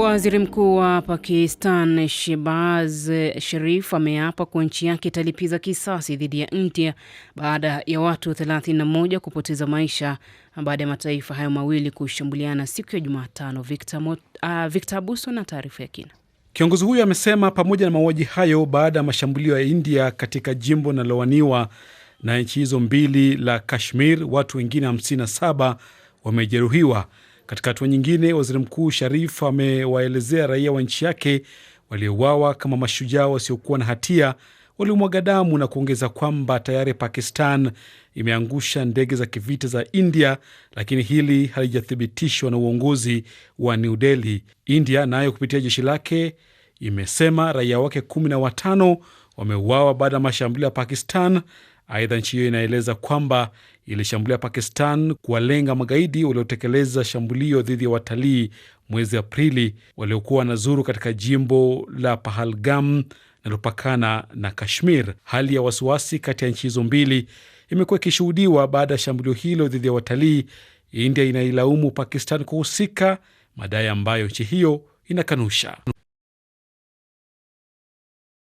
Waziri Mkuu wa Pakistan Shehbaz Sharif ameapa kuwa nchi yake italipiza kisasi dhidi ya India baada ya watu 31 kupoteza maisha baada ya mataifa hayo mawili kushambuliana siku ya Jumatano. Victor, uh, Abuso na taarifa ya kina. Kiongozi huyo amesema pamoja na mauaji hayo baada ya mashambulio ya India katika jimbo linalowaniwa na, na nchi hizo mbili la Kashmir, watu wengine 57 wamejeruhiwa. Katika hatua nyingine, waziri mkuu Sharif amewaelezea raia wa nchi yake waliouawa kama mashujaa wasiokuwa na hatia waliomwaga damu na kuongeza kwamba tayari Pakistan imeangusha ndege za kivita za India, lakini hili halijathibitishwa na uongozi wa New Delhi. India nayo na kupitia jeshi lake imesema raia wake kumi na watano wameuawa baada ya mashambulio ya Pakistan Aidha, nchi hiyo inaeleza kwamba ilishambulia Pakistan kuwalenga magaidi waliotekeleza shambulio dhidi ya watalii mwezi Aprili waliokuwa wanazuru katika jimbo la Pahalgam linalopakana na Kashmir. Hali ya wasiwasi kati ya nchi hizo mbili imekuwa ikishuhudiwa baada ya shambulio hilo dhidi ya watalii. India inailaumu Pakistan kuhusika, madai ambayo nchi hiyo inakanusha.